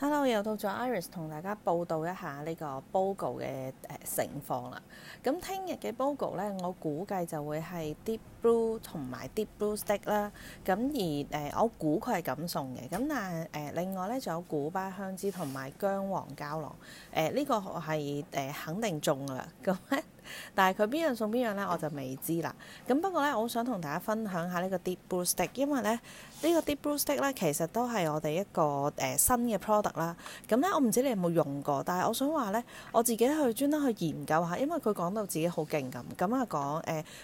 hello，又到咗 Iris 同大家報道一下呢個 BOGO 嘅誒情況啦。咁聽日嘅 BOGO 咧，我估計就會係 Deep Blue 同埋 Deep Blue Stick 啦。咁而誒，我估佢係咁送嘅。咁但係誒，另外咧就有古巴香脂同埋薑黃膠囊。誒呢個係誒肯定中啦。咁咧。但係佢邊樣送邊樣呢，我就未知啦。咁不過呢，我想同大家分享下呢個 Deep Blue Stick，因為咧呢、呢個 Deep Blue Stick 咧，其實都係我哋一個誒、呃、新嘅 product 啦。咁、嗯、呢，我唔知你有冇用過？但係我想話呢，我自己去專登去研究下，因為佢講到自己好勁咁。咁啊講誒，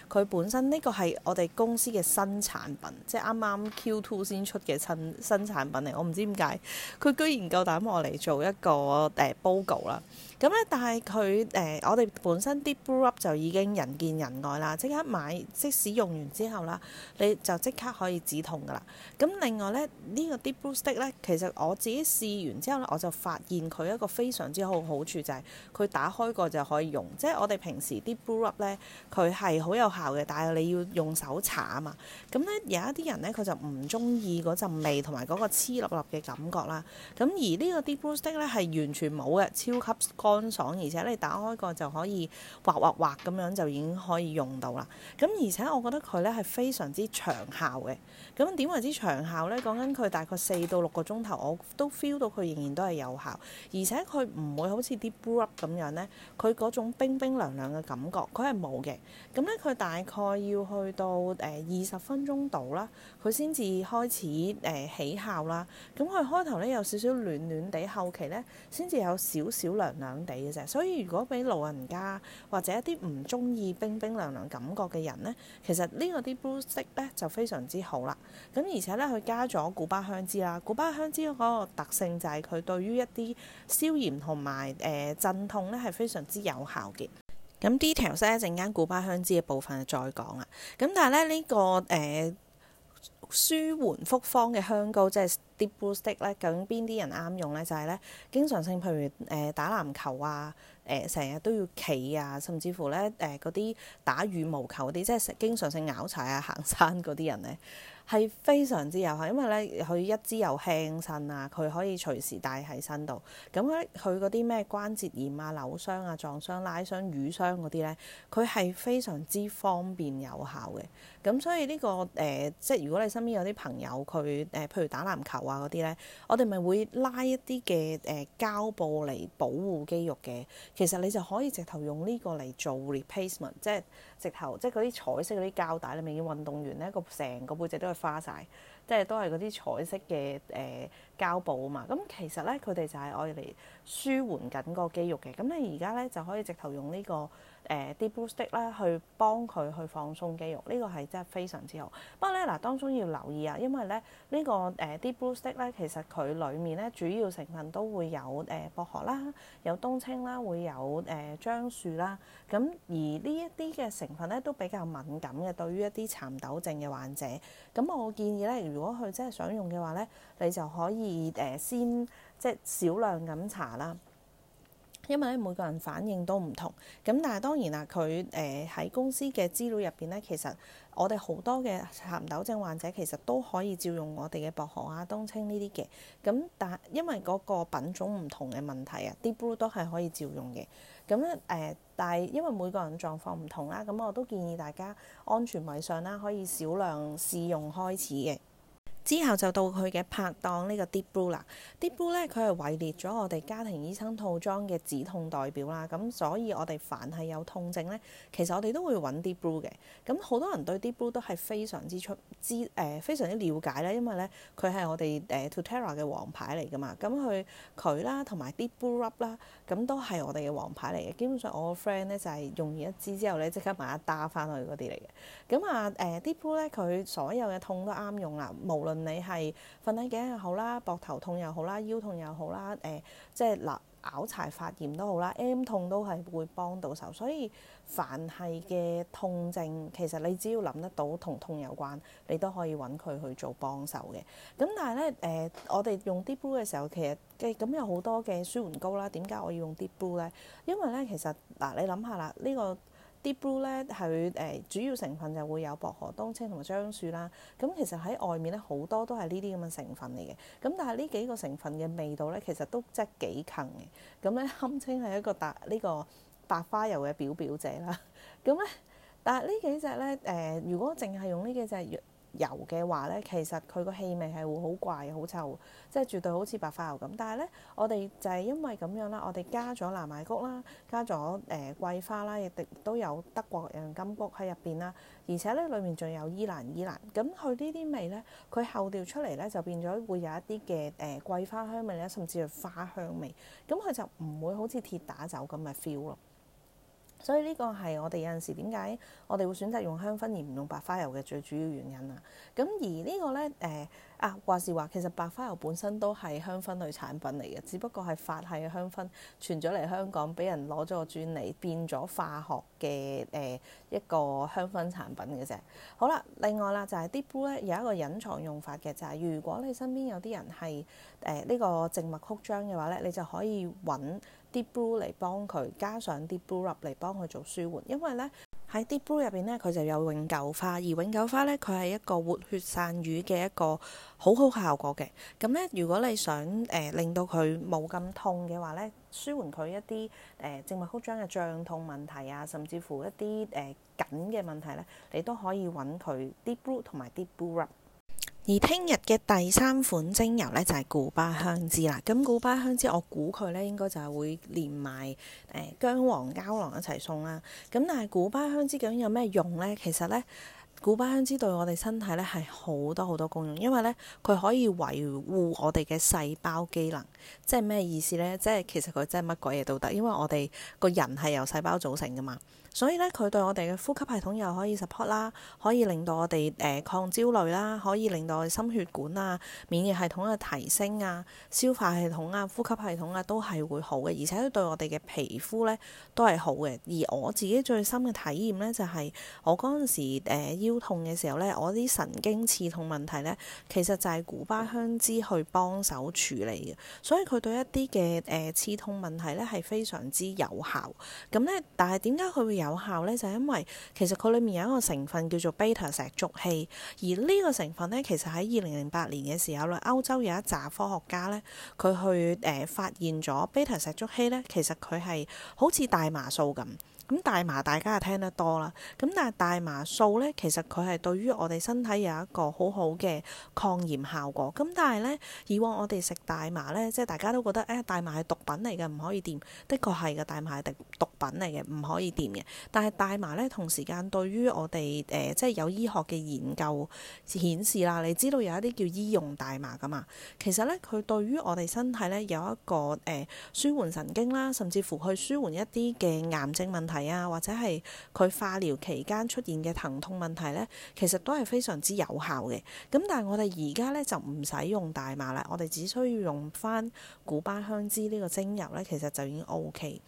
佢、呃、本身呢個係我哋公司嘅新產品，即係啱啱 Q2 先出嘅新新產品嚟。我唔知點解佢居然夠膽我嚟做一個 Bogle、呃、啦。咁咧，但係佢誒，我哋本身啲 Deep Blue up 就已經人見人愛啦，即刻買，即使用完之後啦，你就即刻可以止痛噶啦。咁另外咧，呢、這個啲 Deep Blue stick 咧，其實我自己試完之後咧，我就發現佢一個非常之好嘅好處就係佢打開過就可以用，即係我哋平時啲 Deep Blue up 咧，佢係好有效嘅，但係你要用手搽啊嘛。咁咧有一啲人咧，佢就唔中意嗰陣味同埋嗰個黐粒粒嘅感覺啦。咁而呢個啲 Deep Blue stick 咧係完全冇嘅，超級乾乾爽，而且你打開個就可以滑滑滑咁樣就已經可以用到啦。咁而且我覺得佢咧係非常之長效嘅。咁點為之長效咧？講緊佢大概四到六個鐘頭，我都 feel 到佢仍然都係有效，而且佢唔會好似啲膏咁樣咧，佢嗰種冰冰涼涼嘅感覺佢係冇嘅。咁咧佢大概要去到誒二十分鐘度啦，佢先至開始誒、呃、起效啦。咁佢開頭咧有少少暖暖地，後期咧先至有少少涼涼地嘅啫，所以如果俾老人家或者一啲唔中意冰冰涼涼感覺嘅人呢，其實呢個啲 blue 色呢就非常之好啦。咁而且呢，佢加咗古巴香脂啦，古巴香脂嗰個特性就係佢對於一啲消炎同埋誒鎮痛呢係非常之有效嘅。咁 detail 咧，一陣間古巴香脂嘅部分就再講啦。咁但係咧呢個誒。呃舒緩複方嘅香膏即係 deep blue stick 咧，究竟邊啲人啱用咧？就係、是、咧經常性，譬如誒打籃球啊，誒成日都要企啊，甚至乎咧誒嗰啲打羽毛球啲，即係經常性拗柴啊、行山嗰啲人咧。係非常之有效，因為咧佢一支又輕身啊，佢可以隨時帶喺身度。咁咧佢嗰啲咩關節炎啊、扭傷啊、撞傷、拉傷、瘀傷嗰啲咧，佢係非常之方便有效嘅。咁所以呢個誒，呃，即係如果你身邊有啲朋友佢誒，譬如打籃球啊嗰啲咧，我哋咪會拉一啲嘅誒膠布嚟保護肌肉嘅。其實你就可以直頭用呢個嚟做 replacement，即係直頭即係嗰啲彩色嗰啲膠帶裏面嘅運動員咧，個成個背脊都係。花晒，即係都係嗰啲彩色嘅誒、呃、膠布啊嘛，咁其實咧佢哋就係愛嚟舒緩緊個肌肉嘅。咁你而家咧就可以直頭用呢、這個誒、呃、deep blue stick 咧去幫佢去放鬆肌肉，呢、這個係真係非常之好。不過咧嗱，當中要留意啊，因為咧呢、這個誒、呃、deep blue stick 咧其實佢裡面咧主要成分都會有誒、呃、薄荷啦，有冬青啦，會有誒樟、呃、樹啦。咁而呢一啲嘅成分咧都比較敏感嘅，對於一啲蠶豆症嘅患者。咁我建議咧，如果佢真係想用嘅話咧，你就可以誒、呃、先即係少量咁搽啦。因為咧，每個人反應都唔同。咁但係當然啦，佢誒喺公司嘅資料入邊咧，其實我哋好多嘅蠶豆症患者其實都可以照用我哋嘅薄荷啊、冬青呢啲嘅。咁但係因為嗰個品種唔同嘅問題啊，Deep Blue 都係可以照用嘅。咁咧，誒，但係因為每個人狀況唔同啦，咁我都建議大家安全為上啦，可以少量試用開始嘅。之後就到佢嘅拍檔呢個 Deep Blue 啦，Deep Blue 咧佢係位列咗我哋家庭醫生套裝嘅止痛代表啦，咁所以我哋凡係有痛症咧，其實我哋都會揾 Deep Blue 嘅。咁好多人對 Deep Blue 都係非常之出知誒、呃，非常之了解啦，因為咧佢係我哋誒 Tutera 嘅王牌嚟噶嘛。咁佢佢啦，同埋 Deep Blue Up 啦，咁都係我哋嘅王牌嚟嘅。基本上我個 friend 咧就係用完一支之後咧，即刻買一打翻去嗰啲嚟嘅。咁啊誒 Deep Blue 咧佢所有嘅痛都啱用啦，無論論你係瞓低頸又好啦，膊頭痛又好啦，腰痛又好啦，誒、呃，即係嗱，拗柴發炎都好啦，M 痛都係會幫到手。所以凡係嘅痛症，其實你只要諗得到同痛有關，你都可以揾佢去做幫手嘅。咁但係咧，誒、呃，我哋用 Deep Blue 嘅時候，其實嘅咁有好多嘅舒緩膏啦。點解我要用 Deep Blue 咧？因為咧，其實嗱、啊，你諗下啦，呢、這個。Deep blue 咧，係誒，主要成分就會有薄荷、冬青同埋樟樹啦。咁其實喺外面咧，好多都係呢啲咁嘅成分嚟嘅。咁但係呢幾個成分嘅味道咧，其實都真係幾近嘅。咁咧，堪稱係一個白呢、這個白花油嘅表表姐啦。咁咧，但係呢幾隻咧，誒，如果淨係用呢幾隻藥油嘅話咧，其實佢個氣味係會好怪、好臭，即係絕對好似白花油咁。但係咧，我哋就係因為咁樣啦，我哋加咗藍艾菊啦，加咗誒、呃、桂花啦，亦都有德國洋甘菊喺入邊啦，而且咧裏面仲有依蘭依蘭。咁佢呢啲味咧，佢後調出嚟咧就變咗會有一啲嘅誒桂花香味咧，甚至係花香味。咁佢就唔會好似跌打酒咁嘅 feel 咯。所以呢個係我哋有陣時點解我哋會選擇用香薰而唔用白花油嘅最主要原因啦。咁而呢個呢，誒、呃、啊話時話，其實白花油本身都係香薰類產品嚟嘅，只不過係法系嘅香薰傳咗嚟香港，俾人攞咗個專利，變咗化學嘅誒、呃、一個香薰產品嘅啫。好啦，另外啦，就係 Deep Blue 呢有一個隱藏用法嘅，就係、是、如果你身邊有啲人係誒呢個靜脈曲張嘅話呢，你就可以揾。Deep Blue 嚟幫佢，加上 Deep Blue Up 嚟幫佢做舒緩，因為咧喺 Deep Blue 入邊咧，佢就有永久花，而永久花咧佢係一個活血散瘀嘅一個好好效果嘅。咁咧，如果你想誒、呃、令到佢冇咁痛嘅話咧，舒緩佢一啲誒靜脈曲張嘅脹痛問題啊，甚至乎一啲誒緊嘅問題咧，你都可以揾佢 Deep Blue 同埋 Deep Blue Up。而聽日嘅第三款精油咧就係、是、古巴香脂啦，咁古巴香脂我估佢咧應該就係會連埋誒、呃、薑黃膠囊一齊送啦。咁但係古巴香脂究竟有咩用咧？其實咧，古巴香脂對我哋身體咧係好多好多功用，因為咧佢可以維護我哋嘅細胞機能。即係咩意思咧？即係其實佢真係乜鬼嘢都得，因為我哋個人係由細胞組成㗎嘛。所以咧，佢對我哋嘅呼吸系統又可以 support 啦、呃，可以令到我哋誒抗焦慮啦，可以令到我哋心血管啊、免疫系統嘅提升啊、消化系統啊、呼吸系統啊都係會好嘅，而且對我哋嘅皮膚咧都係好嘅。而我自己最深嘅體驗咧，就係、是、我嗰陣時腰痛嘅時候咧，我啲神經刺痛問題咧，其實就係古巴香脂去幫手處理嘅。所以佢對一啲嘅誒刺痛問題咧係非常之有效。咁咧，但係點解佢會有效咧，就係、是、因為其實佢裏面有一個成分叫做 beta 石竹烯，而呢個成分咧，其實喺二零零八年嘅時候咧，歐洲有一紮科學家咧，佢去誒、呃、發現咗 beta 石竹烯咧，其實佢係好似大麻素咁。咁大麻大家又聽得多啦，咁但係大麻素咧，其實佢係對於我哋身體有一個好好嘅抗炎效果。咁但係咧，以往我哋食大麻咧，即係大家都覺得誒、哎、大麻係毒品嚟嘅，唔可以掂。的確係嘅，大麻係毒品嚟嘅，唔可以掂嘅。但係大麻咧，同時間對於我哋誒、呃、即係有醫學嘅研究顯示啦，你知道有一啲叫醫用大麻噶嘛？其實咧，佢對於我哋身體咧有一個誒、呃、舒緩神經啦，甚至乎去舒緩一啲嘅癌症問題。啊，或者係佢化療期間出現嘅疼痛問題呢，其實都係非常之有效嘅。咁但係我哋而家呢，就唔使用，用大麻啦，我哋只需要用返古巴香脂呢個精油呢，其實就已經 OK。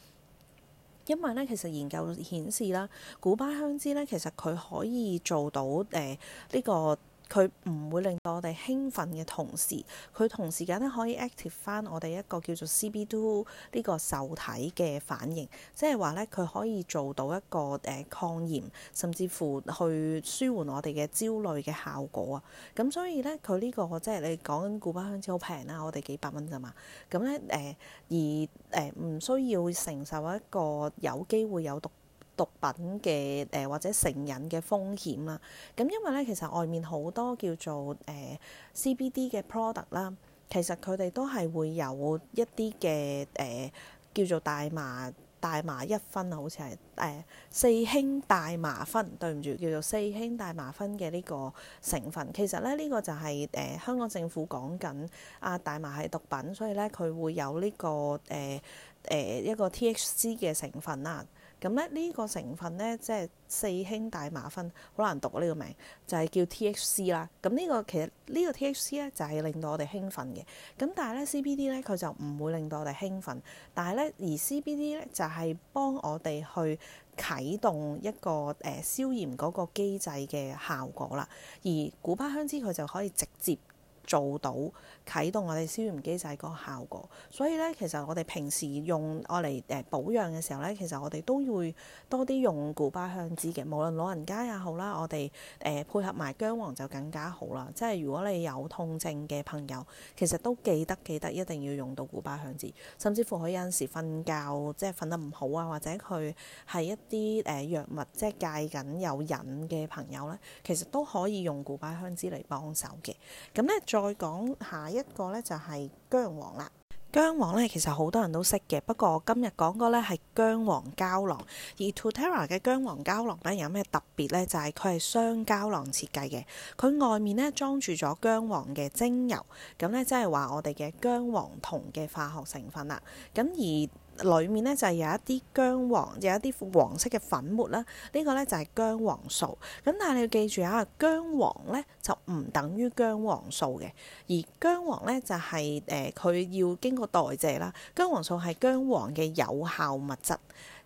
因為呢，其實研究顯示啦，古巴香脂呢，其實佢可以做到誒呢、呃這個。佢唔會令到我哋興奮嘅同時，佢同時間咧可以 active 翻我哋一個叫做 CB2 呢個受體嘅反應，即係話咧佢可以做到一個誒抗炎，甚至乎去舒緩我哋嘅焦慮嘅效果啊。咁所以咧，佢呢個即係你講緊古巴香脂好平啦，我哋幾百蚊咋嘛？咁咧誒而誒唔、呃、需要承受一個有機會有毒。毒品嘅誒、呃、或者成癮嘅風險啦。咁因為咧，其實外面好多叫做誒、呃、CBD 嘅 product 啦，其實佢哋都係會有一啲嘅誒叫做大麻大麻一分啊，好似係誒四氫大麻酚。對唔住，叫做四氫大麻酚嘅呢個成分。其實咧，呢、這個就係、是、誒、呃、香港政府講緊啊大麻係毒品，所以咧佢會有呢、這個誒誒、呃呃、一個 THC 嘅成分啦。咁咧呢個成分咧，即係四氫大麻酚，好難讀啊！呢個名就係、是、叫 T H C 啦、這個。咁呢個其實呢個 T H C 咧就係令到我哋興奮嘅。咁但係咧 C B D 咧佢就唔會令到我哋興奮，但係咧而 C B D 咧就係、是、幫我哋去啟動一個誒消炎嗰個機制嘅效果啦。而古巴香脂佢就可以直接。做到啟動我哋消炎機制個效果，所以咧，其實我哋平時用愛嚟誒保養嘅時候咧，其實我哋都會多啲用古巴香脂嘅，無論老人家也好啦，我哋誒、呃、配合埋薑黃就更加好啦。即係如果你有痛症嘅朋友，其實都記得記得一定要用到古巴香脂，甚至乎佢有陣時瞓覺即係瞓得唔好啊，或者佢係一啲誒藥物即係戒緊有癮嘅朋友咧，其實都可以用古巴香脂嚟幫手嘅。咁咧。再講下一個咧，就係姜黃啦。姜黃咧，其實好多人都識嘅，不過今日講個咧係姜黃膠囊。而 Tutera 嘅姜黃膠囊咧，有咩特別咧？就係佢係雙膠囊設計嘅，佢外面咧，裝住咗姜黃嘅精油，咁咧即係話我哋嘅姜黃酮嘅化學成分啦。咁而裡面呢就係有一啲姜黃，有一啲黃色嘅粉末啦。呢個呢就係姜黃素。咁但係你要記住啊，姜黃呢就唔等於姜黃素嘅。而姜黃呢就係誒佢要經過代謝啦。姜黃素係姜黃嘅有效物質。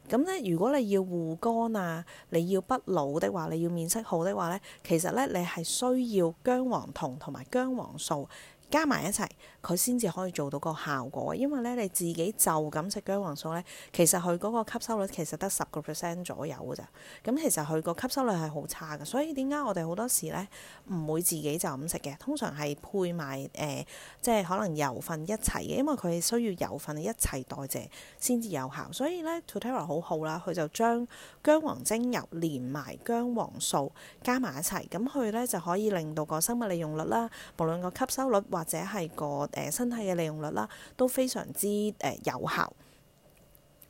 咁呢，如果你要護肝啊，你要不老的話，你要面色好的話呢，其實呢，你係需要姜黃酮同埋姜黃素。加埋一齊，佢先至可以做到個效果。因為咧，你自己就咁食薑黃素咧，其實佢嗰個吸收率其實得十個 percent 左右嘅咋。咁其實佢個吸收率係好差嘅。所以點解我哋好多時咧唔會自己就咁食嘅？通常係配埋誒、呃，即係可能油份一齊嘅，因為佢需要油份一齊代謝先至有效。所以咧，doTERRA 好好啦，佢就將薑黃精油連埋薑黃素加埋一齊，咁佢咧就可以令到個生物利用率啦，無論個吸收率。或者係個誒身體嘅利用率啦，都非常之誒有效。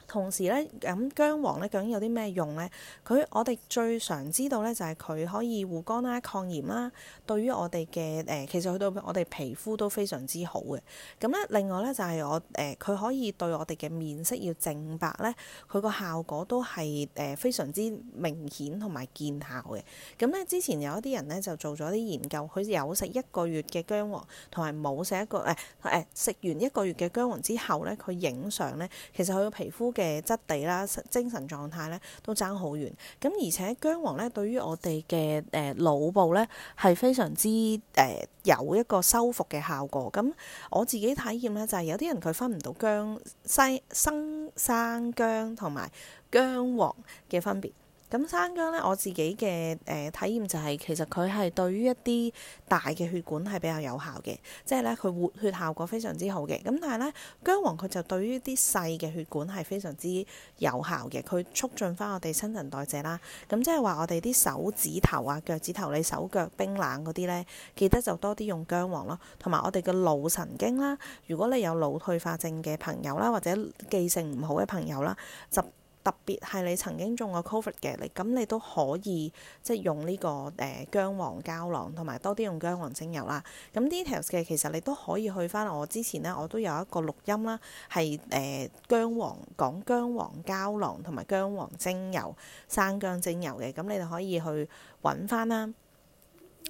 同時咧，咁薑黃咧究竟有啲咩用咧？佢我哋最常知道咧就係、是、佢可以護肝啦、抗炎啦。對於我哋嘅誒，其實去到我哋皮膚都非常之好嘅。咁咧，另外咧就係、是、我誒，佢、呃、可以對我哋嘅面色要淨白咧，佢個效果都係誒、呃、非常之明顯同埋見效嘅。咁咧，之前有一啲人咧就做咗啲研究，佢有食一個月嘅薑黃，同埋冇食一個誒誒，食、呃、完一個月嘅薑黃之後咧，佢影相咧，其實佢個皮膚。嘅質地啦，精神狀態咧都爭好遠。咁而且薑黃咧，對於我哋嘅誒腦部咧，係非常之誒、呃、有一個修復嘅效果。咁我自己體驗咧，就係、是、有啲人佢分唔到薑生、生、生薑同埋薑黃嘅分別。咁生薑咧，我自己嘅誒、呃、體驗就係、是，其實佢係對於一啲大嘅血管係比較有效嘅，即係咧佢活血效果非常之好嘅。咁但係咧，薑黃佢就對於啲細嘅血管係非常之有效嘅，佢促進翻我哋新陳代謝啦。咁即係話我哋啲手指頭啊、腳趾頭，你手腳冰冷嗰啲咧，記得就多啲用薑黃咯。同埋我哋嘅腦神經啦，如果你有腦退化症嘅朋友啦，或者記性唔好嘅朋友啦，就特別係你曾經中過 COVID 嘅你，咁你都可以即係用呢、這個誒薑、呃、黃膠囊，同埋多啲用薑黃精油啦。咁 details 嘅其實你都可以去翻我之前呢，我都有一個錄音啦，係誒薑黃講薑黃膠囊同埋薑黃精油、生薑精油嘅，咁你哋可以去揾翻啦。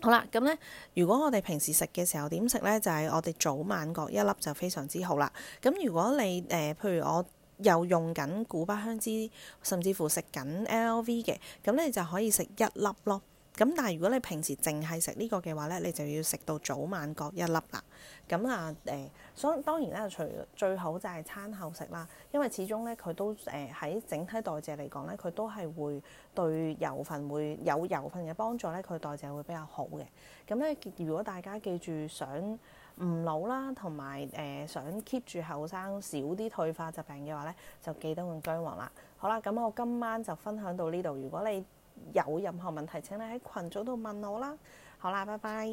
好啦，咁呢，如果我哋平時食嘅時候點食呢？就係、是、我哋早晚各一粒就非常之好啦。咁如果你誒、呃，譬如我。又用緊古巴香脂，甚至乎食緊 L V 嘅，咁你就可以食一粒咯。咁但係如果你平時淨係食呢個嘅話咧，你就要食到早晚各一粒啦。咁啊誒，所當然咧，除最好就係餐後食啦，因為始終咧佢都誒喺、呃、整體代謝嚟講咧，佢都係會對油份會有油份嘅幫助咧，佢代謝會比較好嘅。咁咧，如果大家記住想。唔老啦，同埋誒想 keep 住後生少啲退化疾病嘅話呢，就記得換薑黃啦。好啦，咁我今晚就分享到呢度。如果你有任何問題，請你喺群組度問我啦。好啦，拜拜。